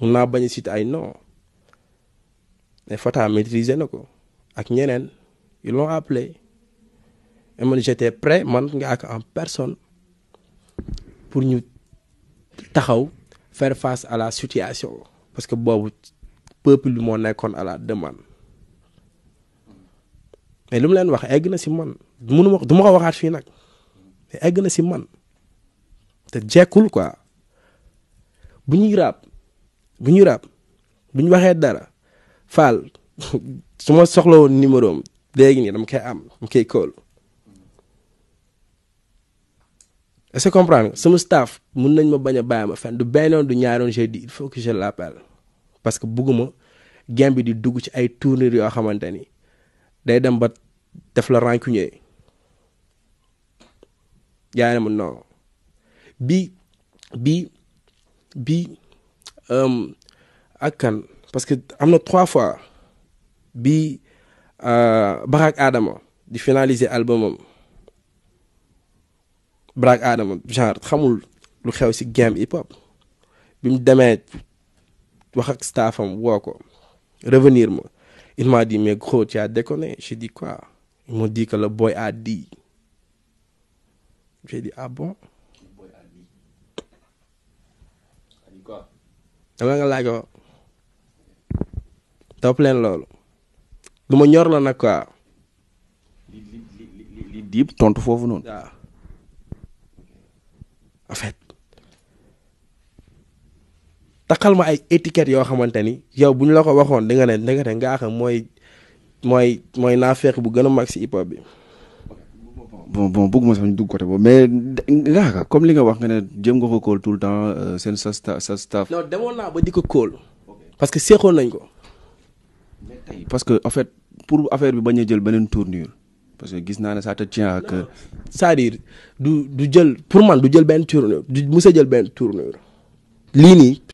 On naa a ay non mais Fata maîtriser na ko ak ils l'ont appelé et moi, j'étais prêt man nga ak en personne pour nous faire face à la situation parce que le peuple bi moo à la demande mais lu leen wax egg na man du ma ko egg na si man te jekkul quoi bu ñuy bu ñu raab bu ñu waxee dara faal su ma soxla woon numéro léegi nii dama koy am dama koy kóol est-ce que comprendre staff mun nañ ma bañ a bàyyi ma fenn du bennoon du ñaaroon j'ai dit il faut que je l'appelle parce que bugguma game bi di dugg ci ay tournure yoo xamante ni day dem ba def la rancunier yaa ne ma non bi bi bi à um, kan parce que am trois fois bi uh, Barack Adama de finaliser l'album Barack Adama genre xamul lu xew ci game hip hop Bim mu demee wax ak staffam woo revenir moi il m'a dit mais gros tu as déconné j'ai dit quoi il m'a dit que le boy a dit j'ai dit ah bon Le boy a dit quoi dama nga laaj ko topp leen loolu ma ñor la nag quoi li li diib tontu foofu noonu en fait takal ma ay étiquette yoo xamante ni yow bu la ko waxoon da nga ne nga xam mooy mooy mooy bu gën a mag hip bi bon bon beaucoup côté mais comme li nga wax nga nga tout le temps euh, staff. non ba ko parce que seexoon nañ ko. parce que en fait pour affaire bi a tournure parce que gis ça te tient à c'est-à-dire pour man du jël benn tournure du tournure.